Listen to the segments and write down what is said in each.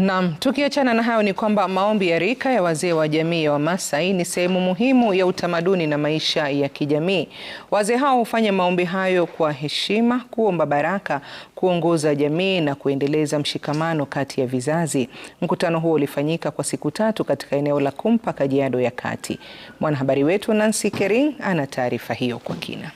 Naam, tukiachana na hayo ni kwamba maombi ya rika ya wazee wa jamii ya Wamasai ni sehemu muhimu ya utamaduni na maisha ya kijamii. Wazee hao hufanya maombi hayo kwa heshima, kuomba baraka, kuongoza jamii na kuendeleza mshikamano kati ya vizazi. Mkutano huo ulifanyika kwa siku tatu katika eneo la Kumpa, Kajiado ya Kati. Mwanahabari wetu Nancy Kering ana taarifa hiyo kwa kina.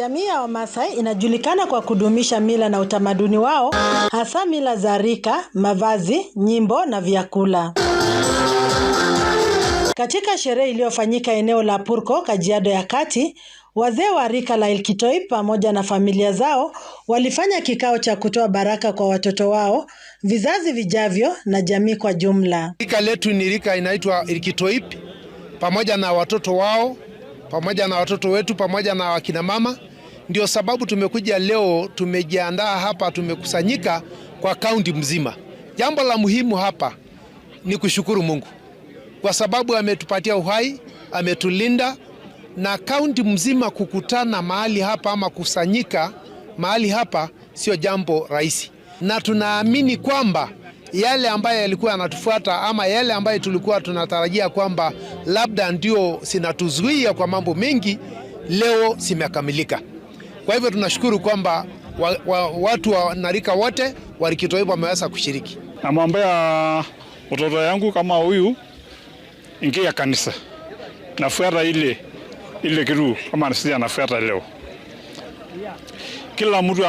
Jamii ya Wamasai inajulikana kwa kudumisha mila na utamaduni wao, hasa mila za rika, mavazi, nyimbo na vyakula. Katika sherehe iliyofanyika eneo la Purko, Kajiado ya Kati, wazee wa rika la Ilkitoi pamoja na familia zao walifanya kikao cha kutoa baraka kwa watoto wao, vizazi vijavyo na jamii kwa jumla. Rika letu ni rika inaitwa Ilkitoip pamoja na watoto wao pamoja na watoto wetu pamoja na wakina mama ndio sababu tumekuja leo, tumejiandaa hapa, tumekusanyika kwa kaunti mzima. Jambo la muhimu hapa ni kushukuru Mungu kwa sababu ametupatia uhai, ametulinda na kaunti mzima kukutana mahali hapa ama kusanyika mahali hapa sio jambo rahisi, na tunaamini kwamba yale ambayo yalikuwa yanatufuata ama yale ambayo tulikuwa tunatarajia kwamba labda ndio sinatuzuia kwa mambo mengi, leo simekamilika. Kwa hivyo tunashukuru kwamba wa, wa, watu wanarika wote wa Likito wameweza kushiriki. Namwambia mtoto yangu kama huyu ingia kanisa, nafuata ile ile kitu kama sisi anafuata leo. Kila mtu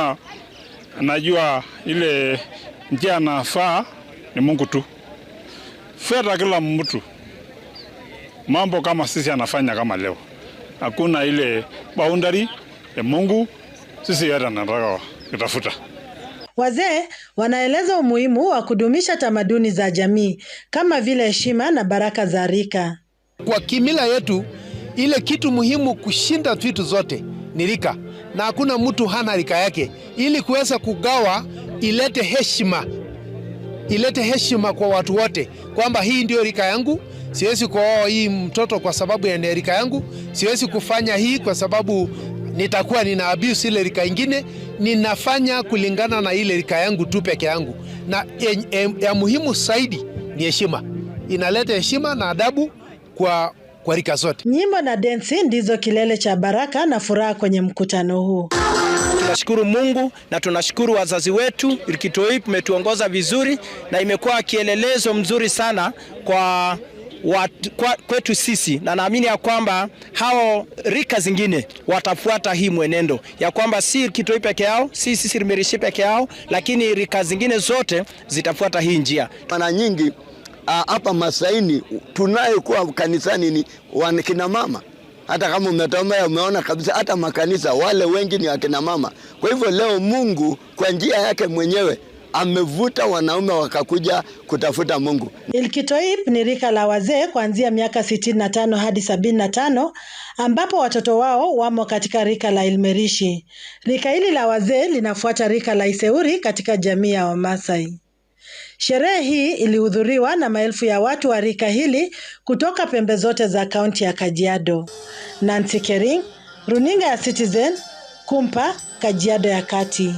anajua ile njia anafaa ni Mungu tu. Fuata kila mtu mambo kama sisi anafanya kama leo, hakuna ile baundari ya eh, Mungu sisi hata tunataka kutafuta. Wazee wanaeleza umuhimu wa kudumisha tamaduni za jamii kama vile heshima na baraka za rika. Kwa kimila yetu, ile kitu muhimu kushinda vitu zote ni rika, na hakuna mtu hana rika yake, ili kuweza kugawa, ilete heshima, ilete heshima kwa watu wote, kwamba hii ndio rika yangu siwezi kuoa hii mtoto kwa sababu ya rika yangu, siwezi kufanya hii kwa sababu nitakuwa nina abuse ile rika ingine, ninafanya kulingana na ile rika yangu tu peke yangu. Na ya muhimu zaidi ni heshima, inaleta heshima na adabu kwa kwa rika zote. Nyimbo na densi ndizo kilele cha baraka na furaha kwenye mkutano huu. Tunashukuru Mungu na tunashukuru wazazi wetu. Likitoip imetuongoza vizuri na imekuwa kielelezo mzuri sana kwa kwetu sisi, na naamini ya kwamba hao rika zingine watafuata hii mwenendo ya kwamba si Kitui peke yao, si sisi Rmerishe peke yao, lakini rika zingine zote zitafuata hii njia. Mara nyingi hapa Masaini tunayekuwa kanisani ni wakinamama hata kama umetomea umeona kabisa, hata makanisa wale wengi ni wakina mama. Kwa hivyo leo Mungu kwa njia yake mwenyewe amevuta wanaume wakakuja kutafuta Mungu. Ilkitoib ni rika la wazee kuanzia miaka sitini na tano hadi 75, tano ambapo watoto wao wamo katika rika la Ilmerishi. Rika hili la wazee linafuata rika la Iseuri katika jamii ya Wamasai. Sherehe hii ilihudhuriwa na maelfu ya watu wa rika hili kutoka pembe zote za kaunti ya Kajiado. Nancy Kering, Runinga ya Citizen, Kumpa, Kajiado ya Kati.